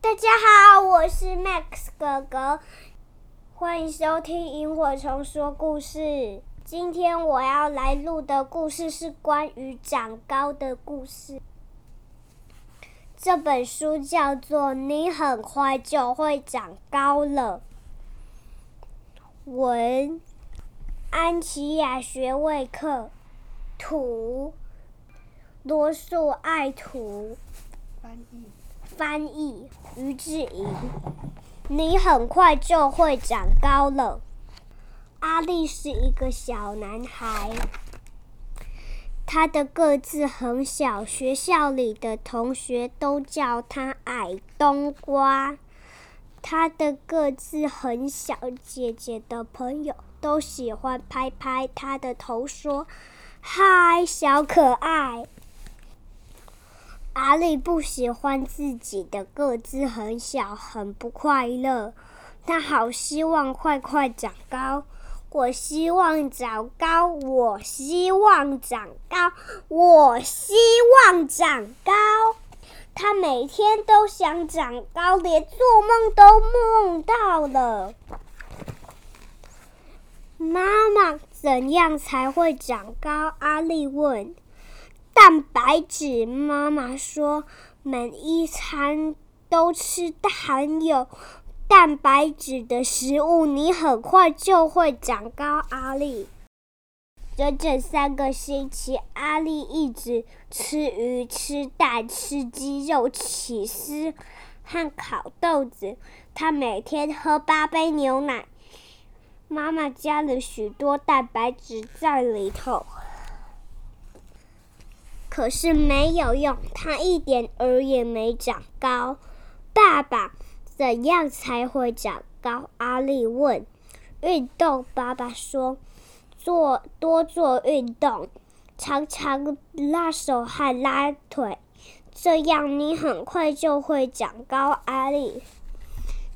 大家好，我是 Max 哥哥，歡迎收聽《螢火蟲說故事》。今天我要來錄的故事是關於長高的故事。這本書叫做《你很快就會長高了》，文安琪雅·薛維克，圖羅素艾圖。翻譯余治瑩，你很快就會長高了。阿力是一個小男孩，他的個子很小，學校裡的同學都叫他矮冬瓜。他的個子很小，姐姐的朋友都喜歡拍拍他的頭，說：“嗨，小可愛。”阿力不喜歡自己的個子很小，很不快樂。他好希望快快長高。我希望長高，我希望長高，我希望長高。他每天都想長高，連做夢都夢到了。媽媽，怎樣才會長高？阿力問。蛋白質，媽媽說，每一餐都吃含有蛋白質的食物，你很快就會長高，阿力。整整三個星期，阿力一直吃魚、吃蛋、吃雞肉、起司和烤豆子。她每天喝八杯牛奶，媽媽加了許多蛋白質在裡頭。可是沒有用，他一點兒也沒長高。爸爸，怎樣才會長高？阿力問。運動，爸爸說，做多做運動，常常拉手和拉腿，這樣你很快就會長高，阿力。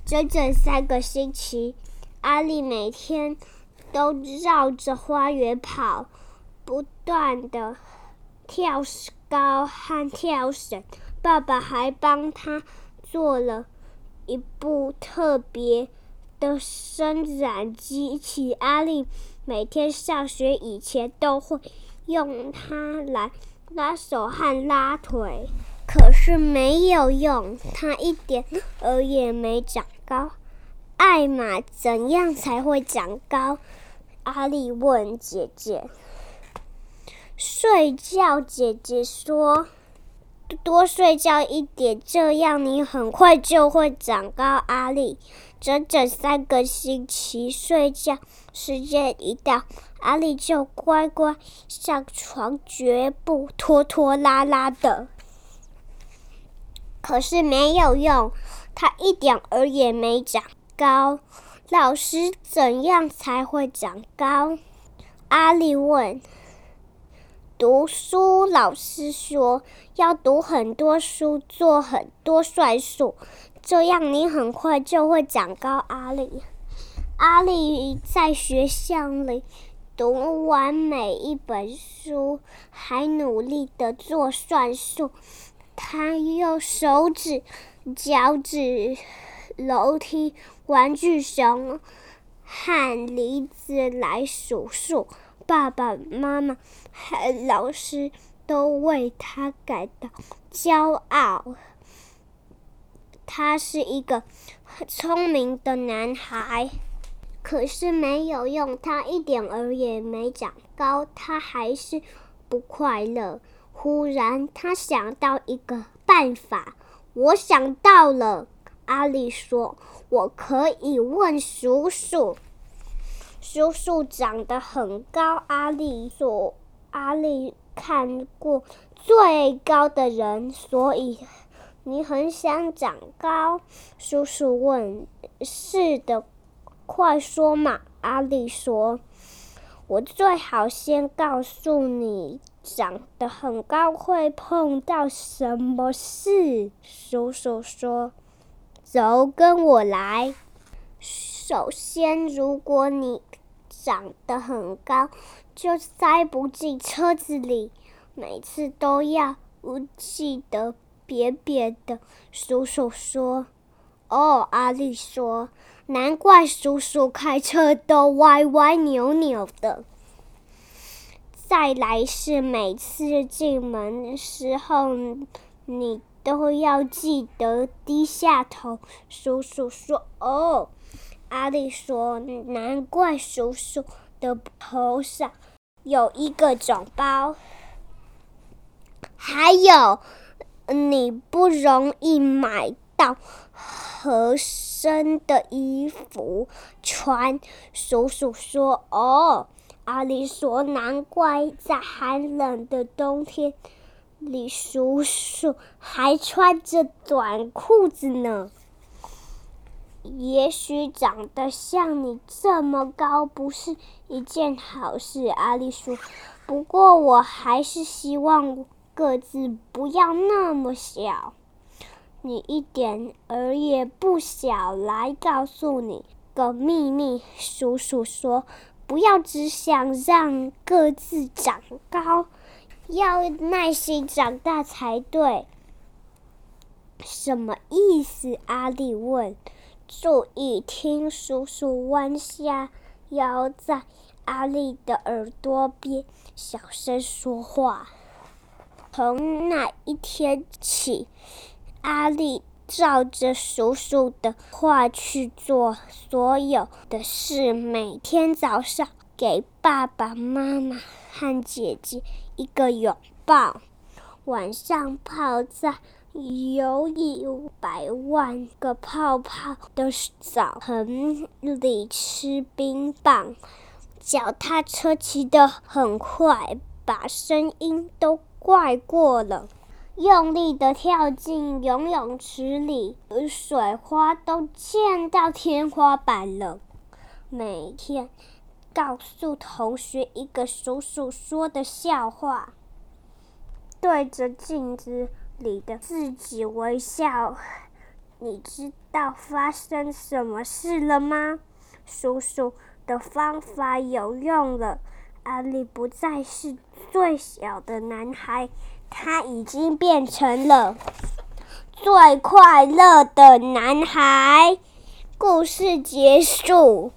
整整三個星期，阿力每天都繞着花園跑，不斷的。跳高和跳繩，爸爸還幫他做了一部特別的伸展機器。阿力每天上學以前都會用它來拉手和拉腿，可是沒有用，他一點兒也沒長高。艾瑪，怎樣才會長高？阿力問姐姐。睡覺，姐姐說：“多，多睡覺一點，這樣你很快就會長高。”阿力，整整三個星期睡覺時間一到，阿力就乖乖上床，絕不拖拖拉拉的。可是沒有用，他一點兒也沒長高。老師，怎樣才會長高？阿力問。讀書，老師說，要讀很多書，做很多算術，這樣你很快就會長高。阿力，阿力在學校裡讀完每一本書，還努力地做算術。他用手指、腳趾、樓梯、玩具熊、和梨子來數數。爸爸媽媽和老師都為他感到驕傲。他是一個很聰明的男孩，可是沒有用，他一點兒也沒長高，他還是不快樂。忽然，他想到一個辦法。我想到了，阿力說：“我可以問叔叔。”叔叔長得很高，阿力說：“阿力看過最高的人，所以你很想長高。”叔叔問：“是的，快說嘛。”阿力說：“我最好先告訴你，長得很高會碰到什麼事。”叔叔說：“走，跟我來。”首先，如果你長得很高，就塞不進車子裡，每次都要記得扁扁的。叔叔說：“哦。”阿力說：“難怪叔叔開車都歪歪扭扭的。”再來是每次進門的時候，你都要記得低下頭。叔叔說：“哦。”阿力說：“難怪叔叔的頭上有一個腫包，還有你不容易買到合身的衣服穿。”叔叔說：“哦，阿力說難怪在寒冷的冬天，你叔叔還穿着短褲子呢。”也許長得像你這麼高不是一件好事，阿力說。不過我還是希望個子不要那麼小。你一點兒也不小。來告訴你個祕密，叔叔說：不要只想讓個子長高，要耐心長大才對。什麼意思？阿力問。注意聽，叔叔彎下腰，在阿力的耳朵邊小聲說話。從那一天起，阿力照着叔叔的話去做所有的事。每天早上給爸爸媽媽和姐姐一個擁抱，晚上泡在有一百萬個泡泡的澡盆裡，吃冰棒，腳踏車騎得很快，把聲音都怪過了，用力的跳進游泳池裡，水花都濺到天花板了。每天告訴同學一個叔叔說的笑話，對着鏡子。你的自己微笑，你知道發生什麼事了嗎？叔叔的方法有用了，阿力不再是最小的男孩，他已經變成了最快樂的男孩。故事結束。